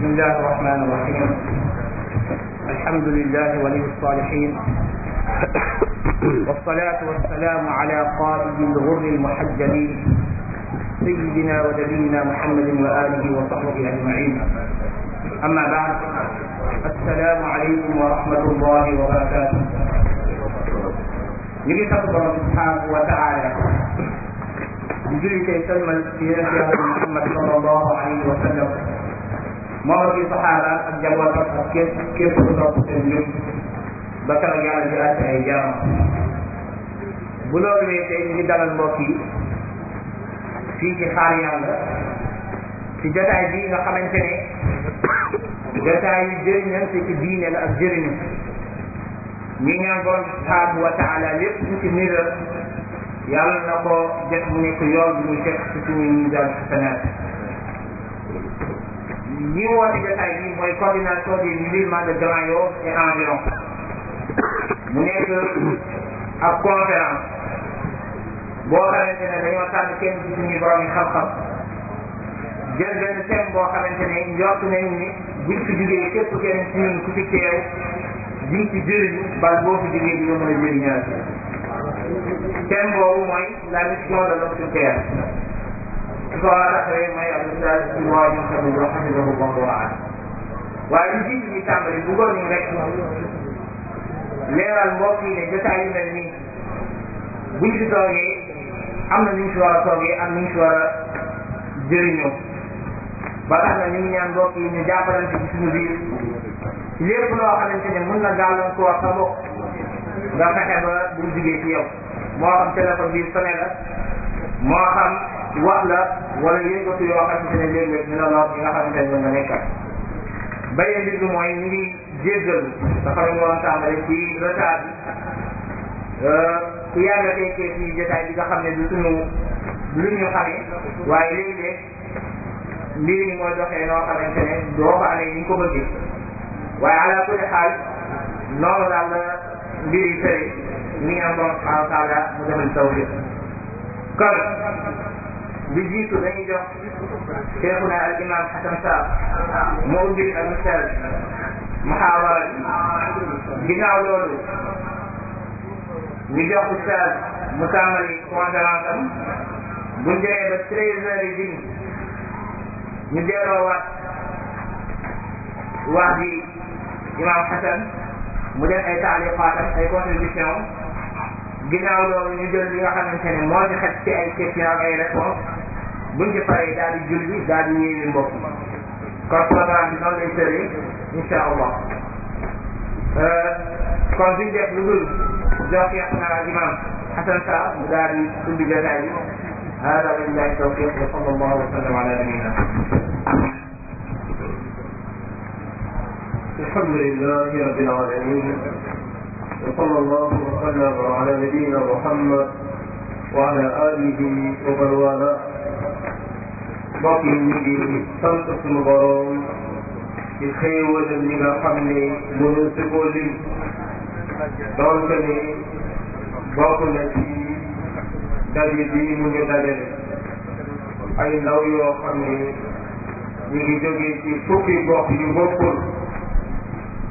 بسم الله الرحمن الرحيم الحمد لله ولي الصالحين والصلاة والسلام على قائد الغر المحجلين سيدنا ونبينا محمد وآله وصحبه أجمعين أما بعد السلام عليكم ورحمة الله وبركاته ñu ngi sant borom subhanahu wa taala di julli tey salmal ci yonente yàlla Muhammad sallallahu alayhi wa sallam moom ak i saxaaba ak njabootam ak képp képp ku topp seen njub ba keroog yàlla di àtte ay jaamam bu loolu weesee ñu xaar yàlla ci jotaay bii nga xamante ne jotaay yu jëriñante ak jëriñu ñi ñaan borom subhanahu wa taala lépp ñu ci niral yàlla na ko def mu nekk yoon bu muy fekk ci suñu ñi woote jotaay bi mooy coordination des musulmans de Grand Yoff et environ mu nekk ab conférence boo xamante ne dañoo tànn kenn ci suñuy borom yi xam-xam jël benn thème boo xamante ne njort nañ ni buñ fi jugee képp kenn ci ñun ku fi teew diñ ci jëriñu bal boo fi jugee di nga mën a jëriñaat thème boobu mooy la mission de l'homme sur terre ko war a xëy mooy abdoulaye si waa ñu xam ne loo xam ne dafa bon waa waaye lu jiitu ñu tàmbali bëggoon ñu rek leeral mbokk yi ne jotaay yu mel nii buñ ci toogee am na nuñ ci war a toogee am nuñ ci war a jëriñoo ba tax na ñu ngi ñaan mbokk yi ñu jàppalante ci suñu biir lépp loo xamante ne mun na gàllan ko wax sa bopp nga fexe ba bu jugee ci yow moo xam téléphone bi sone la moo xam wax la wala yëngatu yoo xamante ne léeg-léeg dina lor ñi nga xamante ne ñoom la nekkal beneen mbir bi mooy ñu ngi jéggalu dafa la ñu waroon tàmbale ci retard bi ku yàgg fekkee ci jotaay bi nga xam ne du suñu lu ñu xamee waaye léeg-léeg mbir yi mooy doxee noo xamante ne doo ko amee ni ñu ko bëggee waaye ala kulli xaal noonu daal la mbir yi tëre ñu ngi am borom subhanahu wa taala mu defal tawfiq kon bi jiitu dañuy jox Cheikhuna al imam Xasan Sarr moo ubbi ak misaal muhaawara ginnaaw loolu ñu jox ustaas mu tàmbali conférence am bu ñu demee ba treize heures et demi ñu delloowaat wax bi imam Xasan mu def ay taaliqaatam ay contribution ginnaaw loolu ñu jël li nga xamante ne moo ci xet ci ay question ak ay réponse buñ ci paree daal di julli daal di yeewi mbokk kon programme bi noonu lay tëree incha allah euh, kon duñ def lu dul jox yàq naa imam Hasan Sarr mu daal di ubbi jotaay bi hada lillahi tawfiq wa sallallahu wa sallam ala nabiyina الحمد لله رب العالمين وصلى الله وسلم على نبينا محمد وعلى اله ومن والاه mbokk yi ñu ngi sant suñu borom ci xéewalam yi nga xam ne mënul si koo lim doonte ni bokk na ci daje bii mu ngi dajale ay ndaw yoo xam ne ñu ngi jógee ci fukki gox yu bokkul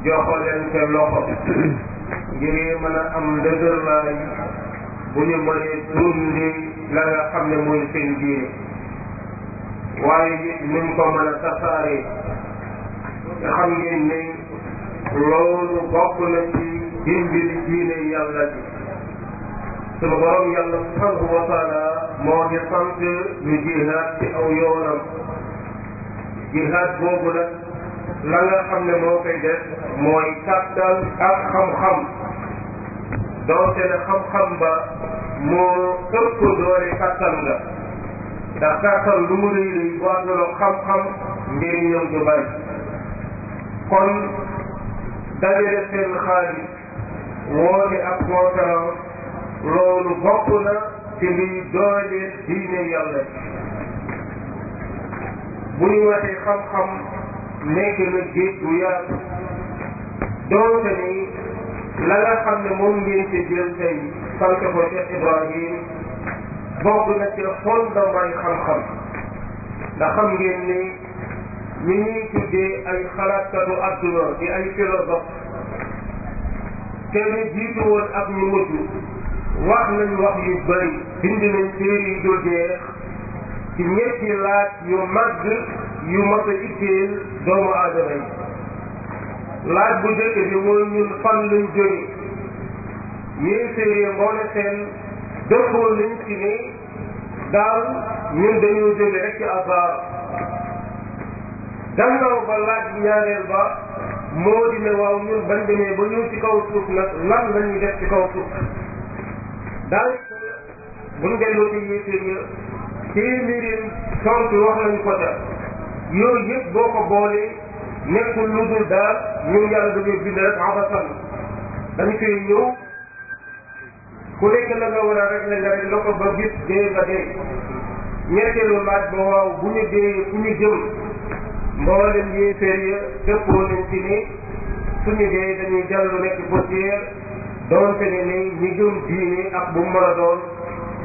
joxalante loxo ngir mën a am ndëgërlaay bu ñu mënee dund la nga xam ne mooy seen waaye it niñ a tasaare nga xam ngeen ne loolu bokk ji sunu borom yàlla subhanahu wa taala moo di sant ñu jihaad ci aw yoonam jihaad boobu nag la xam ne moo koy def mooy kàttan ak xam-xam doonte ne xam-xam ba moo ëpp doole kàttan nga ndax gàttal lu mu rëy rëy bu ànduloo xam-xam njëriñam du bari kon dajale seen xaalis woote ak conférence loolu bokk na ci liy dooleel diine yàlla bu ñu xam-xam nekk na géej bu yaatu doonte ni la ne moom ngeen ci jël tey sant ko Cheikh Ibrahim bokk na ci fondement xam-xam ndax xam ngeen ni ñi ñuy tuddee ay xalaatkatu adduna di ay philosophe te ñu woon ak ñu mujj wax nañ wax yu bëri bind nañ téere yu dul jeex ci ñetti laaj yu màgg yu mos a itteel doomu aadama yi laaj bu njëkk bi mooy ñun fan lañ jógee ñii séeréer mboole seen dëppoo nañ ci ne daal ñun dañoo jëlee rek ci asaar gannaaw ba laaj ñaareel ba moo di ne waaw ñun bañ demee ba ñëw ci kaw suuf nag lan la ñuy def ci kaw suuf daal buñ delloo ci yéeféer ya téeméeri tontu wax nañu ko ca yooyu yëpp boo ko boolee nekkul lu dul daal ñun yàlla dañoo bind rek abasan dañ koy ñëw ku nekk la nga war a rek la rek la ko ba bis dee ba dee ñetteelu laaj ba waaw bu ñu dee fu ñu jëm mboolem yéeféer ya dëppoo nañ ci ni suñu dee dañuy dellu nekk poussière doonte ne ni ñi gëm diine ak bu mu a doon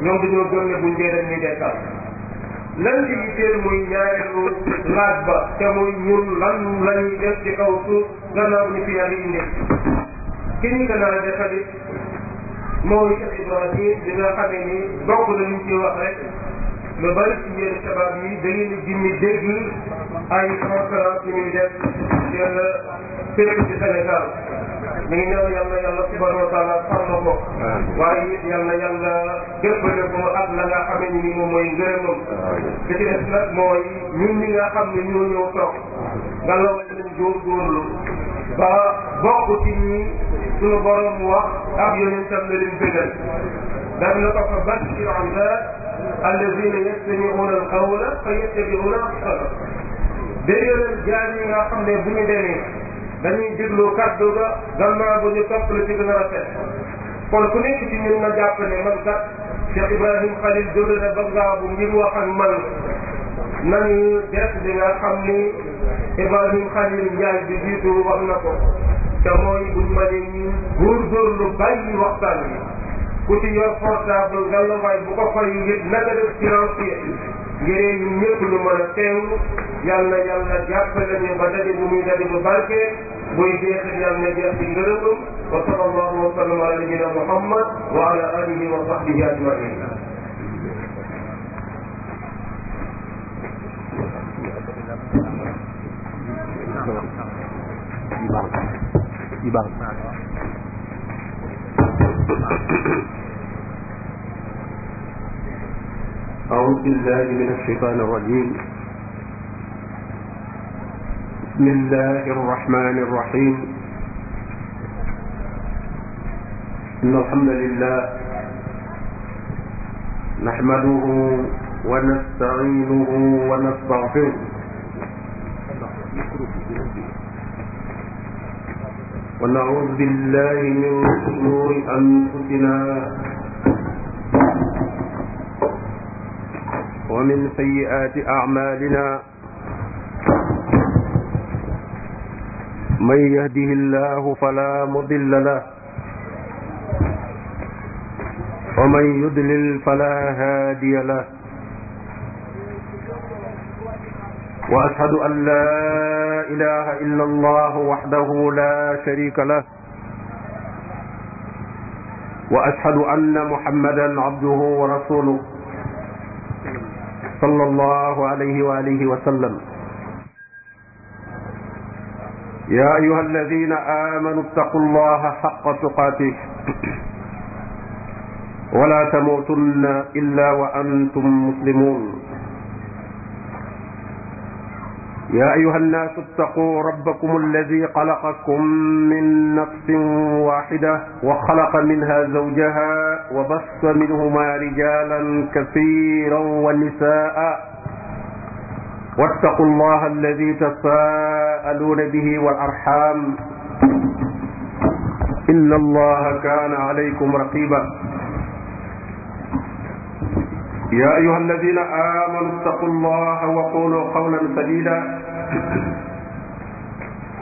ñoom dañoo gëm ne buñ dee dañuy dekkal lan di itteel muy ñaareelu laaj ba te muy ñun lañuy def ci kaw suuf gannaaw ñu fi yàlla indi ki ñu gën a defal it mooy Cheikh Ibrahima bi nga xamee ni bokk na ñu ci wax rek lu bari ci yéen sabab yi da ngeen di gis dégg ay conférence yu ñuy def yàlla fépp ci Sénégal mi ngi ñaan yàlla wa nga xamee ni moom mooy ngërëmam toog nga lool nañ góorgóorlu ba bokk suñu borom wax ab yonentam na leen bégal daf na ko fa bashir ibad alladina yastamiuna alqawla fa yattabiuna ahsana déggee leen jaar yi nga xam ne bu ñu demee dañuy déglu kàddu ga gannaaw bu ñu topp la ci gën a rafet kon ku nekk ci ñun na jàpp ne man kat Cheikh Ibrahim Khalil jóge na ba ngaaw bu ngir wax ak man nañu def li nga xam ni Ibrahim Khalil Ndiaye bi jiitu wax na ko te mooy buñ ma ne nii góorgóorlu bàyyi waxtaan bi ku ci yor portable nga la waay bu ko fay ngir naka def silencieux ngiree ñu ñëpp lu mën a teewlu yàlla yàlla jàppale ñu ba daje bu muy daje bu barke buy jeexit yàlla na jeex ci ngërëmam wa sallallahu wa sallam ala nabina muhammad wa ala alihi wa sahbihi ajmain baax أعوذ بالله من الشيطان الرجيم بسم الله الرحمن الرحيم إن الحمد لله نحمده ونستعينه ونستغفره ونعوذ بالله من شرور أنفسنا ومن سيئات أعمالنا من يهده الله فلا مضل له ومن يضلل فلا هادي له واشهد ان لا اله الا الله وحده لا شريك له واشهد ان محمدا عبده ورسوله صلى الله عليه واله وسلم يا ايها الذين امنوا اتقوا الله حق تقاته ولا تموتن الا وانتم مسلمون يا أيها الناس اتقوا ربكم الذي خلقكم من نفس واحدة وخلق منها زوجها وبص منهما رجالا كثيرا ونساء واتقوا الله الذي تساءلون به والأرحام إن الله كان عليكم رقيبا يا أيها الذين آمنوا اتقوا الله وقولوا قولا سديدا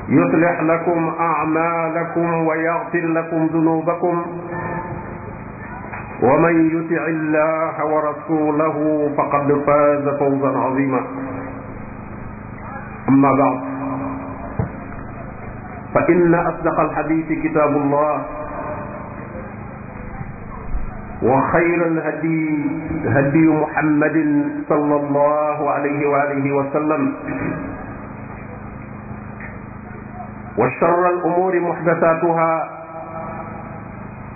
يصلح لكم أعمالكم ويغفر لكم ذنوبكم ومن يطع الله ورسوله فقد فاز فوزا عظيما أما بعد فإن أصدق الحديث كتاب الله وخير الهدي هدي محمد صلى الله عليه وآله وسلم وشر الأمور محدثاتها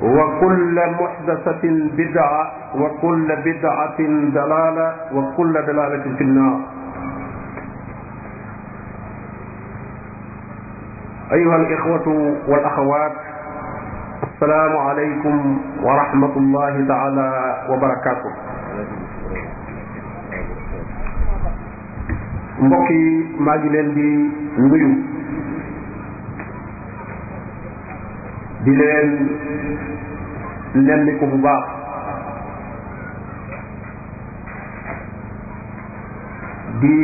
وكل محدثة بدعة وكل بدعة دلالة وكل دلالة في النار أيها الإخوة والأخوات asalaamu aleykum wa rahmatullahi taala wa barakaatu mbokk yi maa ngi leen di nuyu di leen nemmiku bu baax di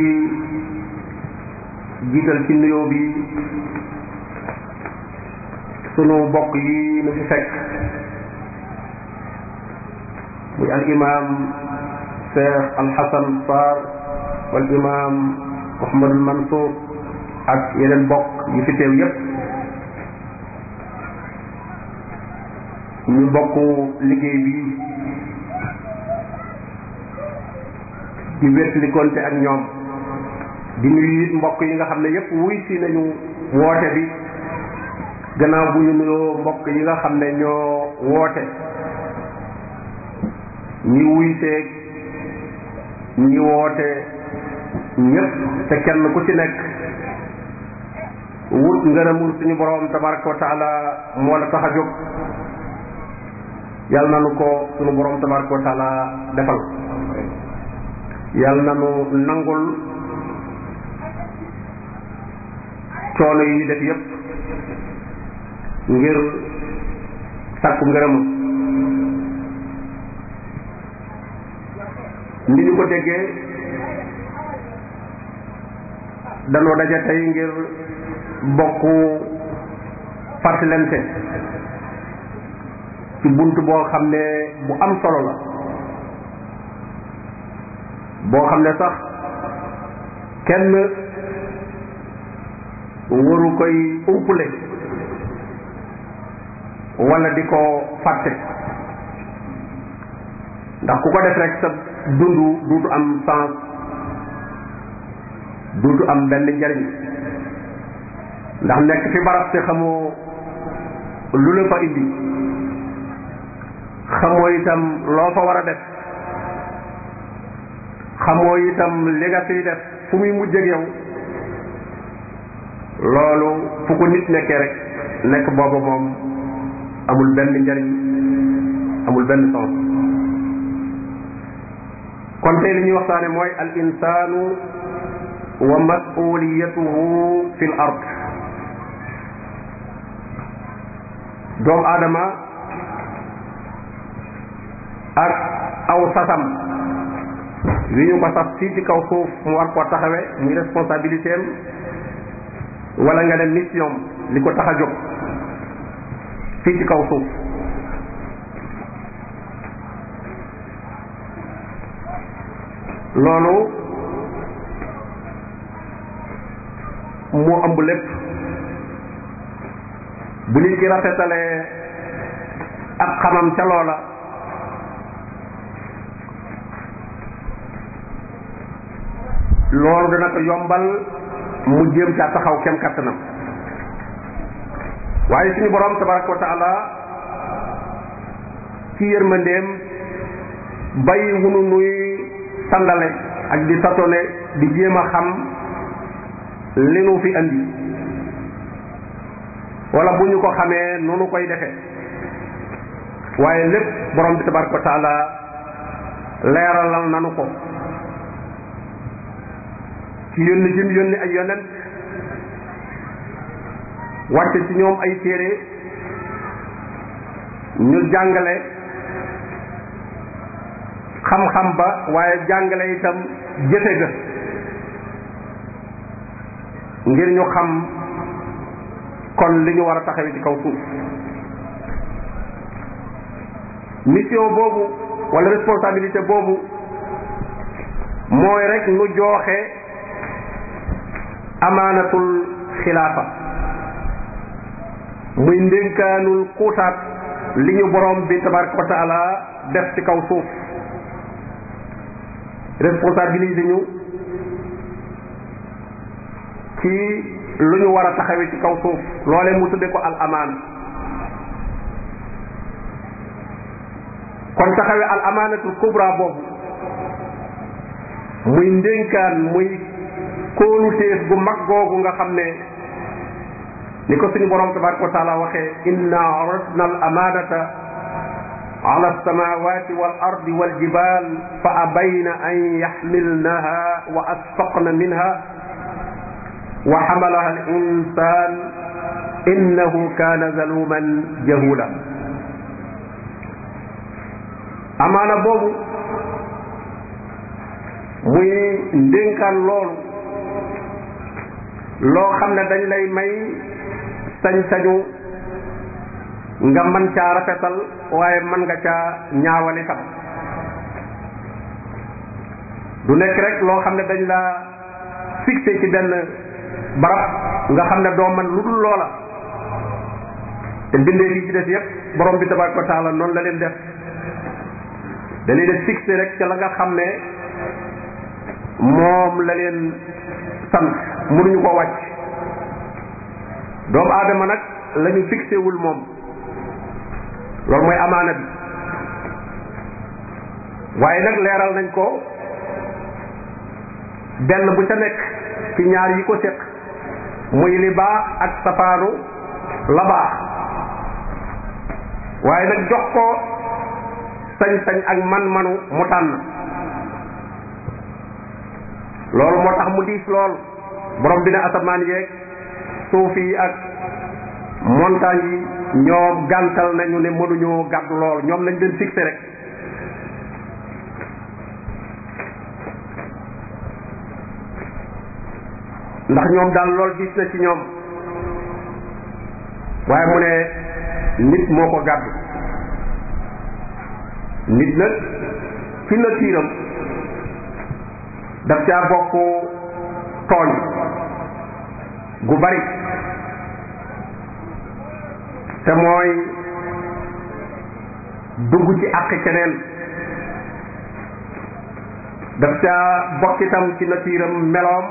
jiital ci nuyoo bi sunu bokk yi nu fi fekk muy al imam cheikh alxasan sarr wal imam mohamadul mansour ak yeneen bokk yi fi teew yépp ñu bokk liggéey bi di wétlikonte ak ñoom di nuyu it mbokk yi nga xam ne yépp wuy si nañu woote bi gannaaw bu ñu mbokk yi nga xam ne ñoo woote ñi wuy seeg ñi woote ñépp te kenn ku ci nekk wut ngërëmul suñu borom tabaraka wa taala moo la tax a jóg yàlla nanu ko suñu borom tabaraka wa taala defal yàlla nanu nangul coono yi def yépp ngir sàkku ngërëmam ni ñu ko déggee danoo daja tey ngir bokk fàttalante ci bunt boo xam ne bu am solo la boo xam ne sax kenn waru koy umpule wala di ko fàtte ndax ku ko def rek sa dund duutu am sens duutu am benn njariñ ndax nekk fi barab te xamoo lu la fa indi xamoo itam loo fa war a def xamoo itam li nga def fu muy mujj yow loolu fu ko nit nekkee rek nekk boobu moom amul benn njariñ amul benn sens kon tey li ñuy waxtaane mooy al insaanu wa masuliyatuhu fi l ard doomu aadama ak aw sasam wi ñu ko sas fii ci kaw mu war koo taxawe muy responsabilité am wala nga ne mission li ko tax a jóg fii ci kaw suuf loolu moo ëmb lépp bu nit ki rafetalee ak xamam ca loola loolu dana ko yombal mu jéem caa taxaw kem kattanam waaye suñu borom tabaraka wa taala ci yërmandeem bàyyi wunu nuy sandale ak di tatone di jéem a xam li nu fi andi wala bu ñu ko xamee noonu koy defe waaye lépp borom bi tabaraka wa taala leeralal nanu ko ci yónni jëm yónni ay yonent wàcce ci ñoom ay téere ñu jàngale xam-xam ba waaye jàngale itam jëfe ga ngir ñu xam kon li ñu war a taxawee ci kaw suuf mission boobu wala responsabilité boobu mooy rekk nu jooxe amaanatul xilaafa muy ndénkaanul xuutaat li ñu borom bi tabaraka wa def ci kaw suuf responsabiliser ñu ci lu ñu war a taxawee ci kaw suuf loolee mu tudde ko al amaan kon taxawee al amaanatul kubra boobu muy ndénkaan muy kóoluteef gu mag googu nga xam ne ni ko suñu borom tabaraka wa taala waxee inna aradna al amanata ala alsamawati wal ardi wal jibal fa abayna an yaxmilnaha wa asfaqna minha wa xamalaha al insan innahu kaana zaluman jahula amaana boobu muy ndénkaan loolu loo xam ne dañ lay may sañ-sañu nga mën caa rafetal waaye man nga caa ñaawal itam du nekk rek loo xam ne dañ la fixé ci benn barab nga xam ne doo man lu dul loola te bindee yi ci des yépp boroom bi tabaraka ko taala noonu la leen def da leen a rek ca la nga xam ne moom la leen sant mënuñu koo wàcc doomu aadama nag lañuy ñu wul moom loolu mooy amaana bi waaye nag leeral nañ ko benn bu ca nekk ci ñaar yi ko séq muy li baax ak safaanu la baax waaye nag jox ko sañ-sañ ak man-manu mu tànn loolu moo tax mu diis lool borom bi ne asamaan yeeg suuf yi ak montagne yi ñoo gàntal nañu ne mënuñoo gàddu lool ñoom lañ leen fixé rek ndax ñoom daan lool gis na ci ñoom waaye mu ne nit moo ko gàddu nit nag ci na tiiram daf caa bokk tooñ gu bari te mooy dugg ci àq keneen daf ca bokk itam ci natiiram meloom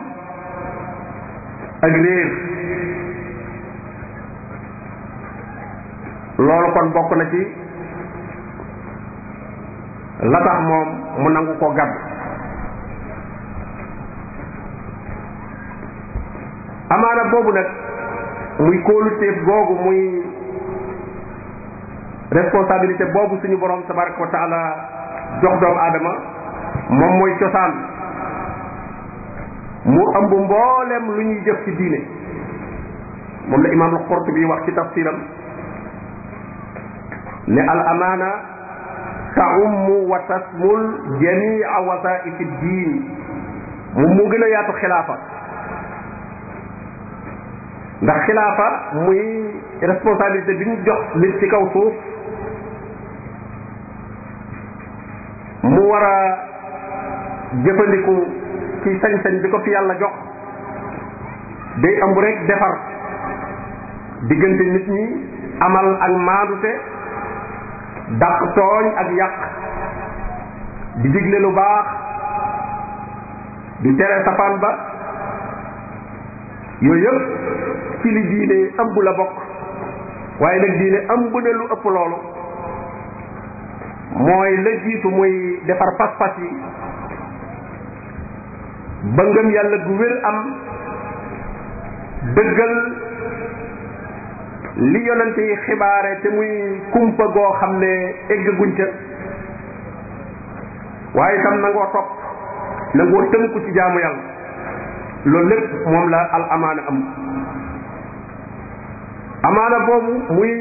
ak réer loolu kon bokk na ci la tax moom mu nangu ko gàdd amaana boobu nag muy kóoluteef googu muy responsabilité boobu suñu borom tabaraka wa taala jox doomu aadama moom mooy cosaan mu ëmb mboolem lu ñuy jëf ci diine moom la imaam al-Qurtubi wax ci tafsiram ne al amaana taummu wa tasmul jamia wasaif ad-diin mu mu gën a yaatu xilaafa ndax xilaafa muy responsabilité bi ñu jox nit ci kaw suuf mu war a jëfandiku ci sañ-sañ bi ko fi yàlla jox day am rek defar diggante nit ñi amal ak maadute dàq tooñ ak yàq di digle lu baax di tere safaan ba yooyu yëpp ci li diine ëmb la bokk waaye nag diine ëmb na lu ëpp loolu mooy la jiitu muy defar pas-pas yi ba ngëm yàlla gu wér am dëggal li yonente yi xibaare te muy kumpa goo xam ne eggaguñ ca waaye itam nangoo topp nangoo tënku ci jaamu yàlla loolu lépp moom la al amaana amaana boobu muy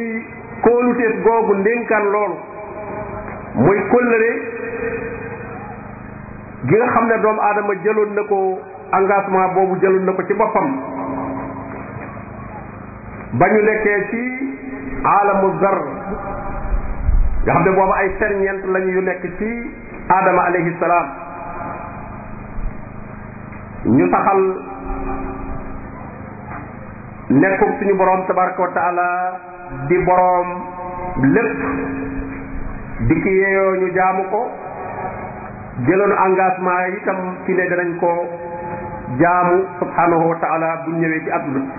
kóoluteef googu ndénkaan loolu muy kóllëre gi nga xam ne doomu aadama jëloon na ko engagement boobu jëloon na ko ci boppam ba ñu nekkee ci aalamu zar nga xam ne boobu ay ferñeent lañu yu nekk ci aadama alayhi salaam ñu taxal nekkum suñu boroom tabaraka wa taala di boroom lépp di ki yeeyoo ñu jaamu ko jëloonu engagement yi itam ci ne danañ ko jaamu subhanahu wa taala buñ ñëwee ci àdduna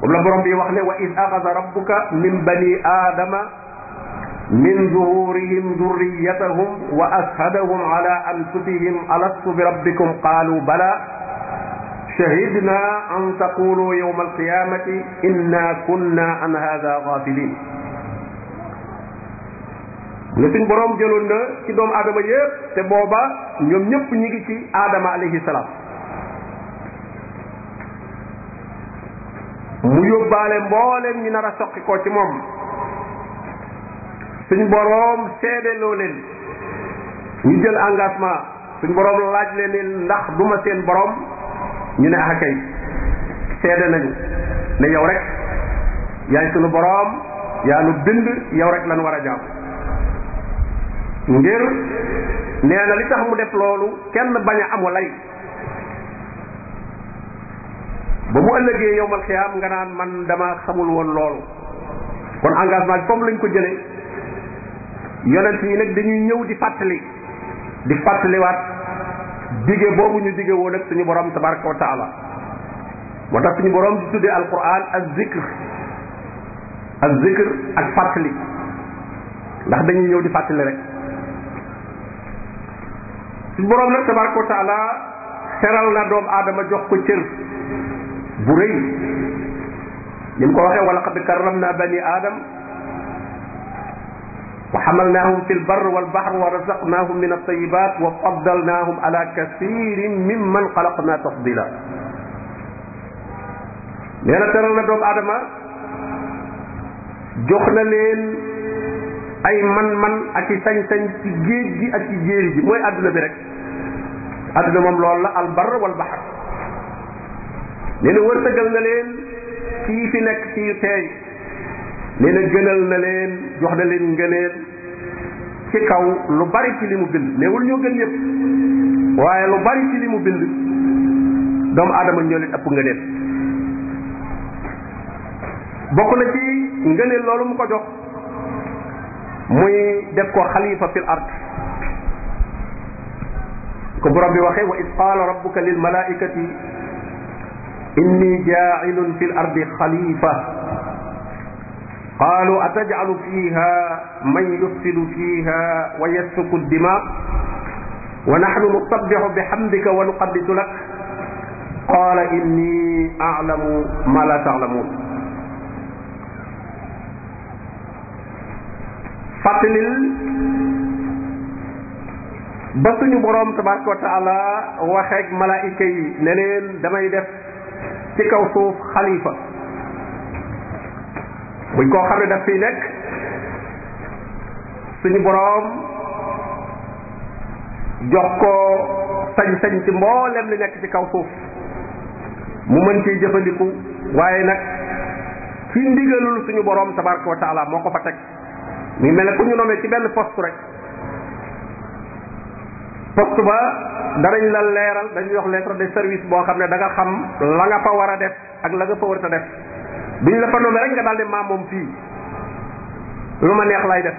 moom la boroom bi wax ne wa id axada rabbuka min bani aadama min zuhurihim durriyatahum wa ashadahum ala anfusihim alastu bi rabbikum qaalu bala shahidna an taqulu yawma alqiyamati inna kunna an hadha ghafilin ne suñ borom jëloon na ci doomu adama yépp te booba ñoom ñëpp ñi ngi ci aadama alayhi salaam mu yóbbaale mbooleem ñi nar a ci moom suñ boroom seedeloo leen ñu jël engagement suñ boroom laaj leen ni ndax duma seen borom ñu ne ah kay seede nañu ne yow rek yaay sunu boroom yaa nu bind yow rek lan war a jàpp ngir nee na li tax mu def loolu kenn bañ a amu lay ba mu ëllëgee yowmal xiyaam nga naan man dama xamul woon loolu kon engagement comme lañ ko jëlee yonent yi nag dañuy ñëw di fàttali di fàttaliwaat dige boobu ñu dige woo ak suñu boroom tabaraka wa taala moo tax suñu borom di tuddee alquran ak zikr ak zikr ak fàttali ndax dañuy ñëw di fàttali rek suñu borom nag tabaraka wa taala teral na doom aadama jox ko cër bu rëy mu ko waxee wala xad karram na bani aadam wa xamalnaahum fi lbar walbahr wa razaqnaahum min altayibat wa faddalnaahum ala kasirin mimman xalaqna tafdila nee na teral na doomu aadama jox na leen ay man-man ak i sañ-sañ ci géej gi ak ci jéeri ji mooy àdduna bi rek àdduna moom loolu la albar walbahr nee na wërsëgal na leen ci fi nekk ci yu teey nee na gënal na leen jox na leen ngëneel ci kaw lu bari ci li mu bind néewul ñoo gën waaye lu bari ci li mu bind doomu aadama ñoo leen ëpp ngëneel bokk na ci ngëneel loolu mu ko jox muy def xalifa fil ard ko borom bi waxee wa id qaala rabbuka lil malaikati inni ja'ilun fil ardi xalifa qaalu atajcalu fiha man yufsidu fiha wa yasfiku dima wa naxnu nusabbixu bixamdika wa nuqaddisu lak qaala inni aclamu ma la taalamuun fàttalil ba suñu boroom tabaraka wa taala waxeeg malaayika yi ne leen damay def ci kaw suuf xalifa buñ koo xam ne daf fiy nekk suñu boroom jox ko sañ-sañ ci mboolem li nekk ci kaw suuf mu mën ciy jëfandiku waaye nag fi ndigalul suñu boroom tabaraka wa moo ko fa teg muy mel ne ku ñu nomee ci benn poste rek poste ba danañ la leeral dañu yox lettre de service boo xam ne danga xam la nga fa war a def ak la nga fa war a def duñ la fa nommé rek nga daal ne moom fii lu ma neex lay def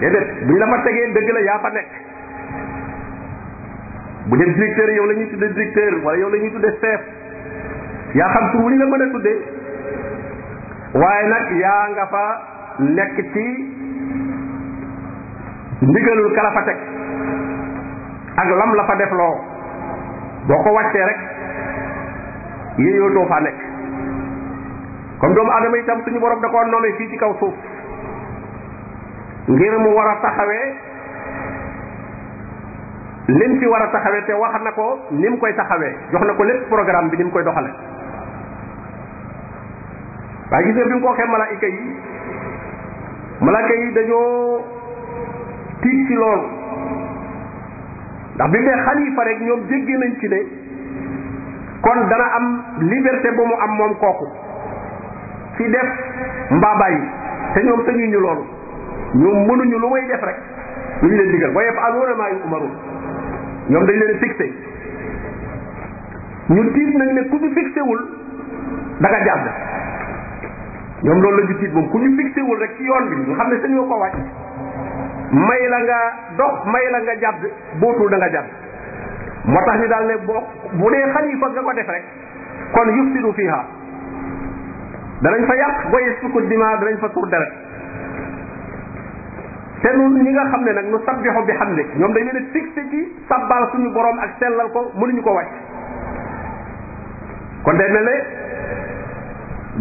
déedéet buñ la fa tegee dëgg la yaa fa nekk bu dee directeur yow la ñuy tuddee directeur wala yow la ñuy tuddee chef yaa xam tur wuñ la mën a tuddee waaye nag yaa nga fa nekk ci ndigalul kala fa teg ak lam la fa defloo boo ko wàccee rek yéyootoo faa nekk kon doomu aadama itam suñu borom da koo nommé fii ci kaw suuf ngir mu war a taxawee lim fi war a taxawee te wax na ko ni koy taxawee jox na ko lépp programme bi ni koy doxale waaye gis nga bi mu ko waxee malaayika yi malaayika yi dañoo tiit ci loolu ndax bi nga xalifa rek ñoom jéggi nañ ci ne kon dana am liberté bu mu am moom kooku fi def mbaa bàyyi te ñoom sañuñu loolu ñoom mënuñu lu may def rek lu ñu leen digal wa yafaluuna maa yumaruun ñoom dañ leen fixé ñu tiit nañ ne ku ñu fixé wul da nga jàdd ñoom loolu la ñu tiit moom ku ñu fixé wul rek ci yoon bi ñu xam ne sañoo ko wàcc may la nga dox may la nga jàdd bootul da nga jàdd moo tax ñu daal ne boo bu dee xalifa nga ko def rek kon yufsidu fiha danañ fa yàq boye sukkut dima danañ fa tur deret te nun ñi nga xam ne nag nu sabbixu bi xam ne ñoom dañ leen fixé ci sabbal suñu borom ak seen lal ko mënuñu ko wàcc kon day mel ne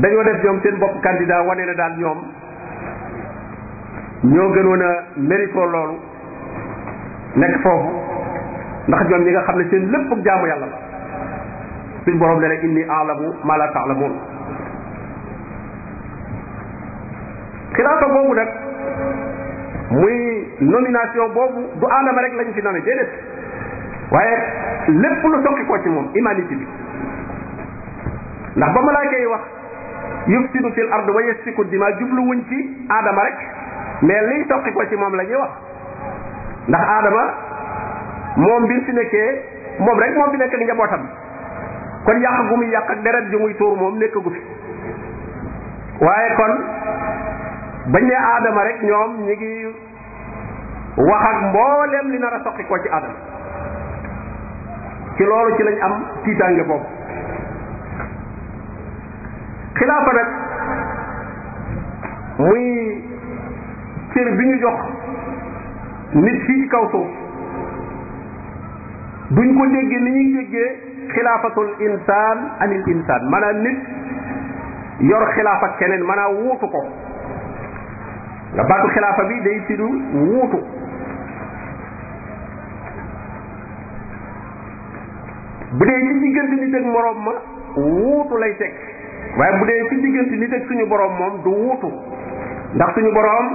dañoo def ñoom seen bopp candidat wane na daal ñoom ñoo gënoon a mérito loolu nekk foofu ndax ñoom ñi nga xam ne seen lépp jaamu yàlla la suñ borom ne la inni alamu ma la taalamuun googu nag muy nomination boobu du aadama rek lañ fi nommé déedéet waaye lépp lu tokki ko ci moom humanité bi ndax ba malaaka yi wax yufsidu fil ard wa yasfiku dima jublu wuñ ci aadama rek mais liy tokki ko ci moom lañuy wax ndax aadama moom bi fi nekkee moom rek moom bi nekk ak njabootam kon yàq gu muy yàq ak deret ju muy tuur moom nekkagu fi waaye kon bañ ne aadama rek ñoom ñi ngi wax ak mboolem li nara a soqi ko ci aadama ci loolu ci lañ am tiitaange boobu xilaafa nag muy cër bi ñu jox nit fii ci kaw suuf duñ ko déggee ni ñuy déggee xilaafatul insaan anil insaan maanaam nit yor xilaafa keneen maanaam wuutu ko nga baatu xilaafa bi day firu wuutu bu dee ci diggante nit ak moroom ma wuutu lay teg waaye bu dee ci diggante nit ak suñu boroom moom du wuutu ndax suñu boroom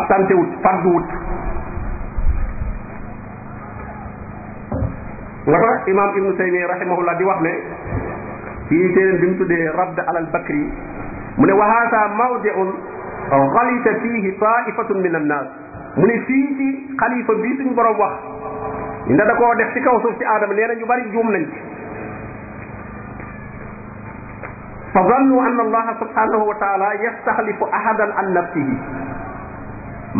absenté wut fàddu wut nga tax imaam ibnu taymiya rahimahullah di wax ne ci téeréen bi mu tuddee radd alal bakri mu ne wa haasa mawdiun xalita fiihi taifatun min annaas mu ne fii ci xalifa bii suñ borom wax ndax da koo def ci kaw suuf ci aadama nee na ñu bari juum nañ ci fa zannu anna allaha subhanahu wa taala yastaxlifu ahadan an nafsihi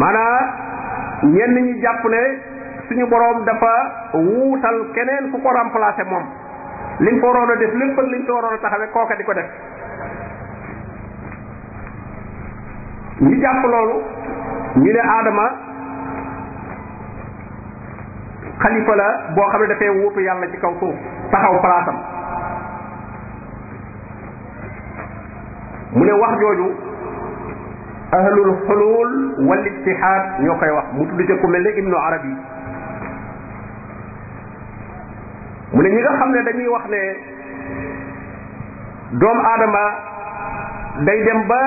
maanaam ñenn ñi jàpp ne suñu boroom dafa wuutal keneen ku ko remplacer moom liñ ko waroon a def lépp liñ ko waroon a taxawee kooka di ko def ñu jàpp loolu ñu ne aadama xalifa la boo xam ne dafay wuutu yàlla ci kaw suuf taxaw palaasam mu ne wax jooju ahlul xulul wal ijtihaad ñoo koy wax mu tudd ca ku mel ne ibnu arabi mu ne ñi nga xam ne dañuy wax ne doomu aadama day dem ba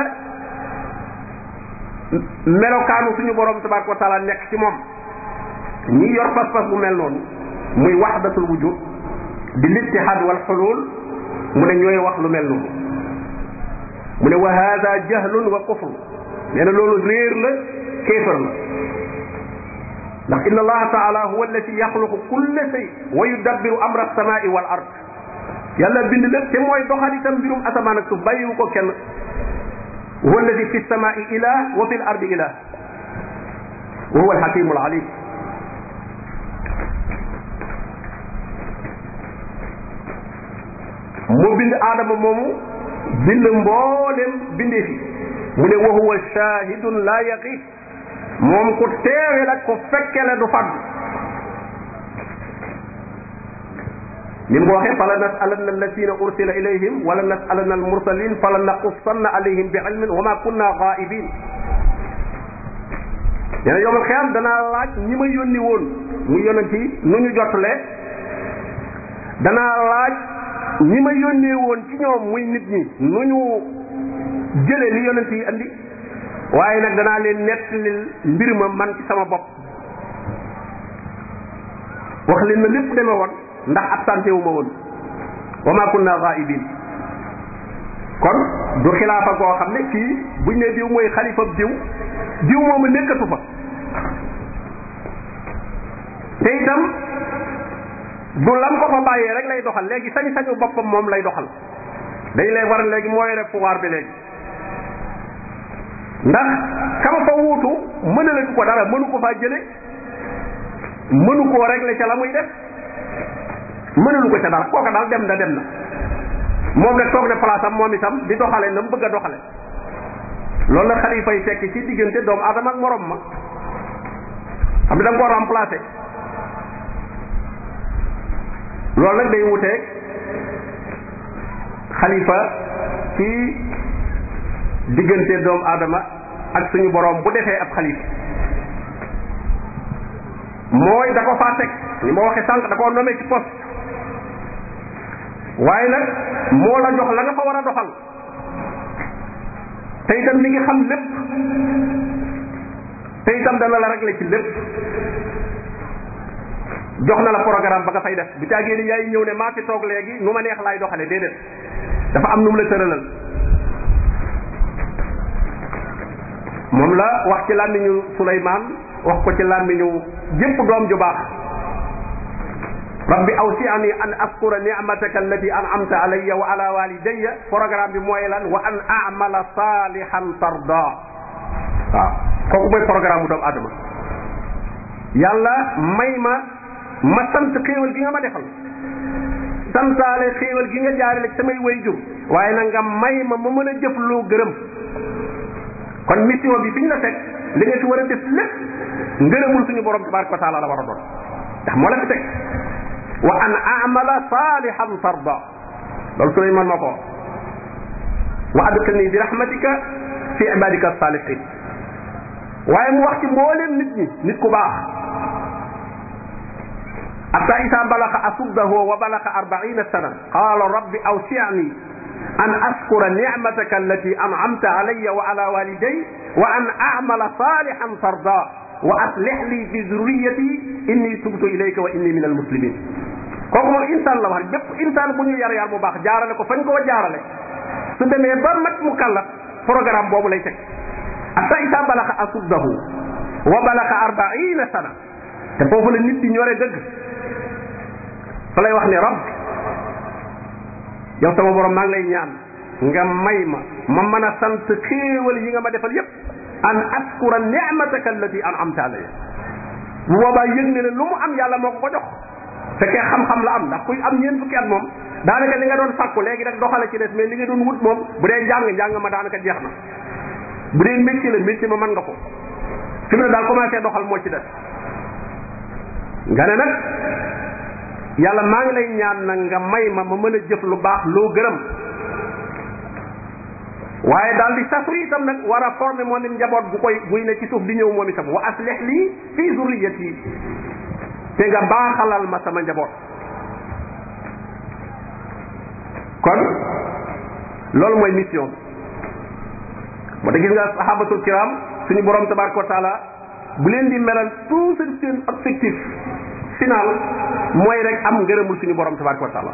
melokaanu suñu borom tabaraka wa taala nekk ci moom ñi yor pas-pas bu mel noonu muy waxdatul wujud di littihad wal xulul mu ne ñooy wax lu mel noonu mu ne wa hada jahlun wa kufr nee na loolu réer la kéefër la ndax inna allaha taala huwa allati yaxluqu kulla shay wa yudabbiru amra samai wal ard bin bind lépp te mooy doxal itam mbirum asamaan ak suuf bàyyiwu ko kenn walladi fi samaai ilah wa fi l ardi ilah wa huwa alxakimu alalim moo bind aadama moomu bind mboolem bindee fi mu ne wa huwa shahidun la yaqi moom ku teewe la ku fekke la du fàddu ni mu ko waxee fala nasalanna alladina ursila ilayhim wala nasalanna almursalin fala naqussanna alayhim bi ilmin wa ma kunna gaibin nee ñi ma yónni woon mu yonent yi nu ñu jotale danaa laaj ñi ma yónnee woon ci ñoom muy nit ñi nu ñu jële li yonent yi andi waaye nag danaa leen nettalil mbir ma man ci sama bopp wax leen lépp ndax absenté wu ma woon wa ma kunna ghaibin kon du xilaafa goo xam ne kii buñ ne diw mooy xalifa diw diw moomu nekkatu fa te itam du lam ko fa bàyyee rek lay doxal léegi sañ-sañu boppam moom lay doxal dañ lay war léegi mooy rek pouvoir bi léegi ndax kama fa wuutu mënalatu ko dara mënu ko faa jële mënu koo régler ca la muy def mënalu ko ca dara kooka daal dem na dem na moom nag toog na place am moom itam di doxale na mu bëgg doxale loolu la xalifa yi ci diggante doomu aadama morom ma xam ne da nga loolu nag day wuteeg xalifa ci diggante doomu aadama ak suñu boroom bu defee ab xalifa mooy da ko faa teg ni ma waxee sànq da koo nomee ci poste waaye nag moo la jox la nga fa war a doxal te itam mi ngi xam lépp te itam dana la régler ci lépp jox na la programme ba nga fay def bu caagee ni yaay ñëw ne maa fi toog léegi nu ma neex laay doxale déedéet dafa am nu la tëralal moom la wax ci làmmiñu Suleymaan wax ko ci làmmiñu yépp doom ju baax rabbi awsi'ni an askura ni'mataka allati an'amta alayya wa ala walidayya programme bi mooy lan wa an a'mala salihan tarda waaw kooku mooy programme bu doomu adama yàlla may ma ma sant xéewal gi nga ma defal santaale xéewal gi nga jaarale samay wayjur waaye na nga may ma ma mën a jëf loo gërëm kon mission bi fi ñu la teg li nga ci war a def lépp ngërëmul suñu borom tabaraka wa taala la war a doon ndax moo la fi teg wa an amala salihan tarda loolu Suleymaan moo ko wa adxilni bi rahmatika fi ibadika salihin waaye mu wax ci mbooleem nit ñi nit ku baax hatta isa balaxa asuddahu wa balaxa arbaina sana qala rabbi awsi'ni an ashkura ni'mataka allati an'amta alayya wa ala waliday wa an a'mala salihan tarda wa aslih li fi zurriyati inni tubtu ilayka wa inni min almuslimin kooku moom insaan la wax jëpp insaan bu ñu yar yar bu baax jaarale ko fañ koo jaarale su demee ba mat mu kàllat programme boobu lay teg ata isa balaxa asuddahu wa balaxa arbaina sana te foofu la nit di ñore dëgg fa lay wax ne rabbi yow sama borom maa ngi lay ñaan nga may ma ma mën a sant xéewal yi nga ma defal yépp an askura ni'mataka allati an'amta alayya bu boobaa yëg ne ne lu mu am yàlla moo ko ko jox fekkee xam-xam la am ndax kuy am ñeent fukki at moom daanaka li nga doon sàkku léegi rek doxale ci des mais li nga doon wut moom bu dee njàng njàng ma daanaka jeex na bu dee métier la ma mën nga ko mu ne commencé doxal moo ci des nga nag yàlla maa ngi lay ñaan nag nga may ma ma mën a jëf lu baax loo gërëm waaye daal di sasu itam nag war a former moom it njaboot bu koy buy ne ci suuf di ñëw moom itam wa aslih lii fii yi te nga baaxalal ma sama njaboot kon loolu mooy mission bi moo tax gis nga sahabatul kiram suñu borom tabaraka wa bu leen di melal tout seen seen objectif final mooy rek am ngërëmul suñu borom tabaraka wa taala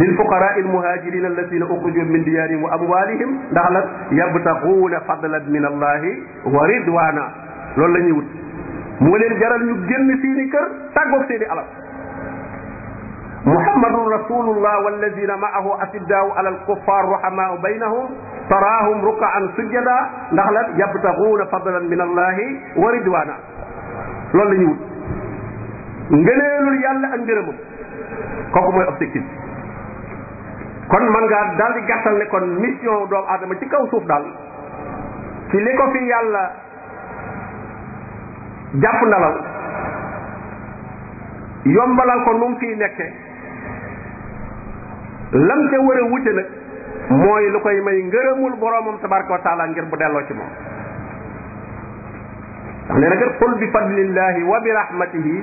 lil fuqaraa il muhaajiriina alladiina min diyaarihim wa amwaalihim ndax la yabtaxuuna min allahi wa ridwaana loolu la ñuy wut moo leen jaral ñu génn seeni kër tàggoog seeni alal muhammadun rasulullah walladina maahu asiddaau ala alkuffar ruhamaau baynahum taraahum rukaan sujjada ndax lan yabtaguuna fadlan min allahi wa ridwana loolu la ñuy wut ngëneelul yàlla ak ngërëmam mooy objectif kon man ngaa daal di gàttal ne kon mission doomu aadama ci kaw suuf daal ci fi yàlla jàpp nalaw yombalal ko nu mu fiy nekkee lam ca war a wute nag mooy lu koy may ngërëmul boroomam tabaraka wa taala ngir bu delloo ci moom ndax nee na kat qul bi fadlillahi wa bi rahmatihi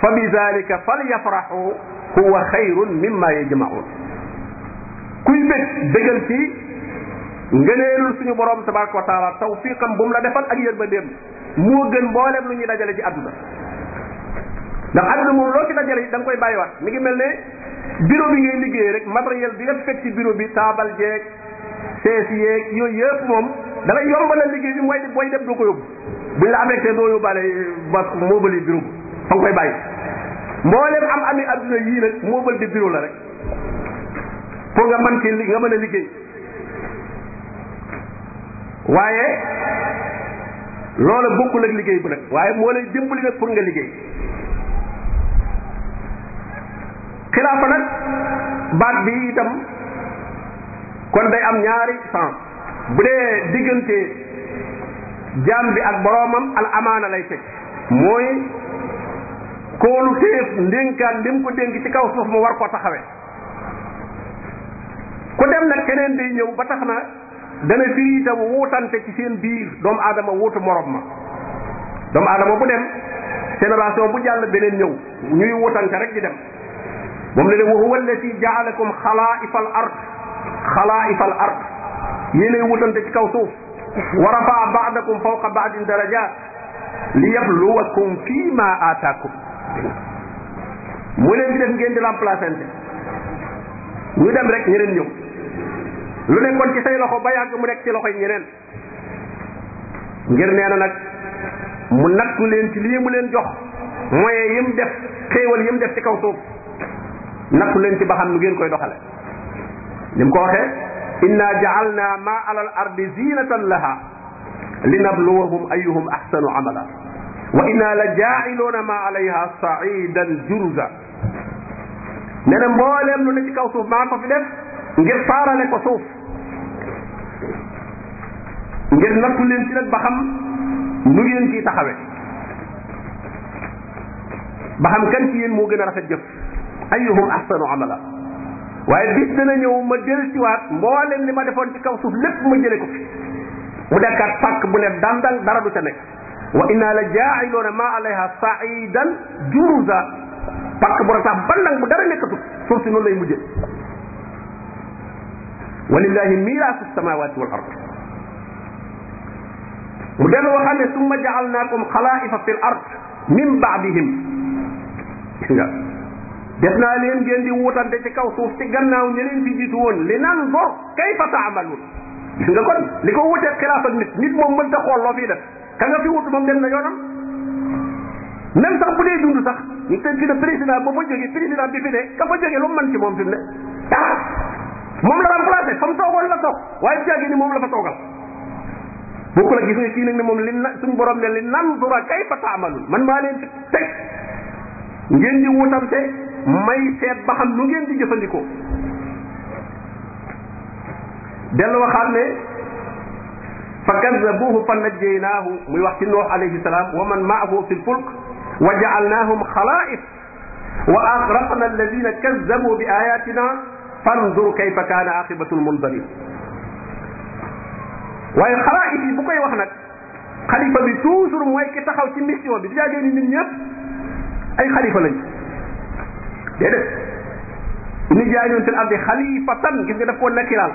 fa bi dalika falyafraxu huwa xayrun mimma yajmaun kuy bég bégal ci ngëneelul suñu boroom tabaraka wa taala tawfiqam bu mu la defal ak yërmandeem moo gën mboolem lu ñuy dajale ci àdduna ndax àdduna moom loo ci dajale yi da nga koy bàyyiwaat mi ngi mel ne bureau bi ngay liggéeyee rek matériel bi nga fekk ci bureau bi taabal jeeg sees yeeg yooyu yëpp moom dalay yombalal liggéey bi mooy booy def doo ko yóbbu buñ la affecté doo yóbbaale ba moobali bureau bi fa nga koy bàyyi mboolem am ami àdduna yii nag moobal di bureau la rek pour nga mën ci nga mën a liggéey waaye loola bokkul ak liggéey bu nag waaye moo lay dimbali nag pour nga liggéey xilaafa nag baat bi itam kon day am ñaari sens bu dee diggante jaam bi ak boroomam al amaana lay fekk mooy koolu téef ndénkaan li ko dénk ci kaw suuf mu war koo taxawee ku dem nag keneen day ñëw ba tax na dana firi itam wuutante ci seen biir doomu aadama wuutu morom ma doomu aadama bu dem génération bu jàll beneen ñëw ñuy wuutante rek di dem moom la ne wa huwa allati jaalakum xalaa'ifa al ard xalaa'ifa al ard yéenay wutante ci kaw suuf wa rafaa baadakum fawqa baadin darajaat li yabluwakum fii ma aataakum mu leen di def ngeen di remplacente ñu dem rek ñeneen ñëw lu nekkoon ci say loxo ba yàgg mu nekk ci loxoy ñeneen ngir nee na nag mu nattu leen ci lii mu leen jox moyen yim def xéewal yim def ci kaw suuf nattu leen ci ba xam nu ngeen koy doxale li mu ko waxee inna ja'alna ma ala al ardi zinatan laha linabluwahum ayyuhum ahsanu amala wa inna la ja'iluna ma alayha sa'idan juruza ci kaw suuf maa ko fi def ko suuf ngeen nattu leen ci nag ba xam nu ngeen ciy taxawe ba xam kan ci yéen moo gën a rafet jëf ayyuhum ahsanu amala waaye bis dana ñëw ma del siwaat mbooleem li ma defoon ci kaw suuf lépp ma jële ko fi mu dekkaat pàkk bu ne dandal dara du ca nekk wa inna la jaa'iluuna ma alayha sa'idan juruza pàkk bu ratax ban nag bu dara nekkatut suuf si noonu lay mujjee walillahi miraasu samawati wal ard mu dellu waxaat ne summa jaalnaakum xalaa'ifa fil ard min baadihim gis nga def naa leen ngeen di wutante ci kaw suuf ci gannaaw ñi leen fi jiitu woon li naan bor kayfa taamaluun gis nga kon li ko wutee xilaaf ak nit nit moom mënta xool loo fiy def ka nga fi wut moom dem na yoonam même sax bu dee dund sax ñu tënk na président ba fa jógee président bi fi ne ka fa jógee lu mu mën ci moom mu ne moom la remplacé fa mu toogoon la toog waaye jàggi ni moom la fa toogal bokku la gis nga kii nag ne moom li na suñ borom ne li nan dura kay fa taamalu man maa leen fi teg ngeen di wutamte may seet ba xam lu ngeen di jëfandikoo dellu waxaat ne fa kaddabuhu fa najjaynaahu muy wax ci noox alayhi salaam wa man maahu fi lfulk wa jaalnaahum xalaa'if wa agraqna alladina kaddabu bi ayatina fandur kayfa kaana aqibatu lmundarin waaye xawaayit yi bu koy wax nag xalifa bi toujours mooy ki taxaw ci mission bi di jaagee ni nit ñëpp ay xalifa lañ déedéet ni jaay noon tel abdi xalifatan gis nga daf koo nakiraal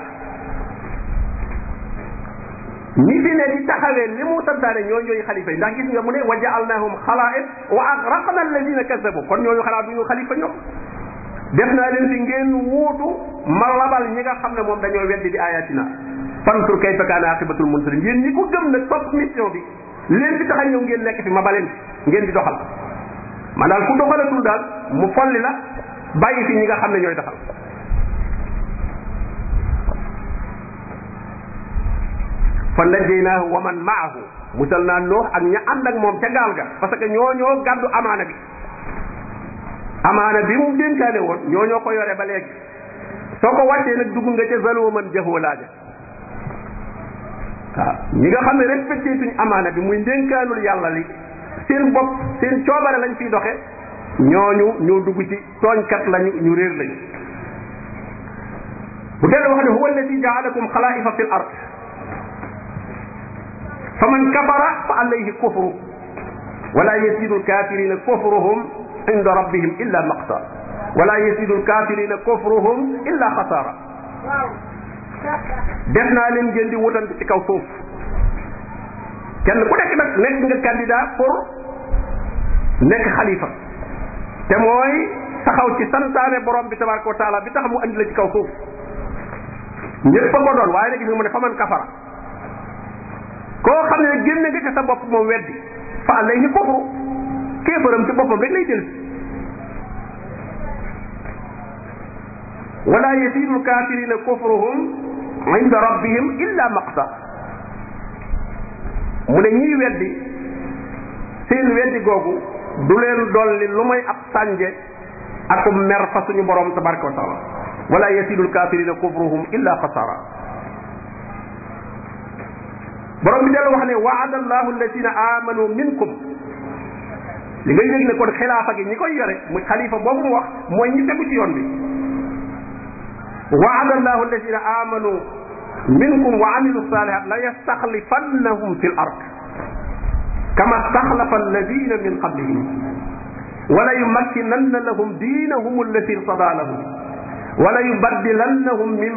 ñi fi ne di taxawee li mu santaane ñoo ñooy xalifa yi ndax gis nga mu ne wa jaalnahum xalaa'it wa agraqna alladina kazabu kon ñooñu xalaat du ñu xalifa ñoom def naa leen fi ngeen wuutu ma labal ñi nga xam ne moom dañoo weddi di ayatina fantur kayfa kaana aqibatul muntarin yéen ñi ko gëm nag topp mission bi leen di tax a ñëw ngeen nekk fi ma baleen ngeen di doxal man daal ku doxalatul daal mu folli la bàyyi fi ñi nga xam ne ñooy doxal fa najaynaahu wa man maahu musal naa noox ak ña ànd moom ca gaal ga parce que ñoo ñoo gàddu amaana bi amaana bi mu dénkaane woon ñoo ñoo ko yore ba léegi soo ko wàccee nag dugu nga ca zaluman jahoolaaja waaw ñi nga xam ne respecté suñu amaana bi muy ndénkaanul yàlla li seen bopp seen coobare lañ fiy doxe ñooñu ñoo dugg ci tooñkat lañu ñu réer lañu bu dee wax ne huwa alladi jaalakum xalaa'ifa fil ard fa man kafara fa alayhi kufru wala yasidu lkafirina kufruhum inda rabbihim illa maqta wala yasidu lkafirina kufruhum illa xasaara def naa leen ngeen di wutante ci kaw suuf kenn ku nekk nag nekk nga candidat pour nekk xalifa te mooy taxaw ci santaane borom bi tabaraka wa bi tax mu andi la ci kaw suuf ñëpp ko doon waaye nag gis nga mu ne fa man kafara koo xam ne génne nga ca sa bopp moom weddi fa àllay ñu kufru kéefëram ci boppam rek lay jël wala yasidul kafirina kufruhum inda rabbihim illa maqta mu ne ñiy weddi seen weddi googu du leen dolli lu may ab sànje ak mer fa suñu borom tabaraka wa taala wala yasidul kafirina kufruhum illa xasara borom bi dellu wax ne waada allahu alladina amanu minkum li ngay dégg ne kon xilaafa gi ñi koy yore muy xalifa boobu mu wax mooy ñi tegu ci yoon bi wa'ada allahu alladina amanu minkum wa amilu salihat la yastaxlifannahum fi l ard kama staxlafa alladina min qablihim wala yumakkinanna lahum diinahum allati irtada lahum wala yubaddilannahum min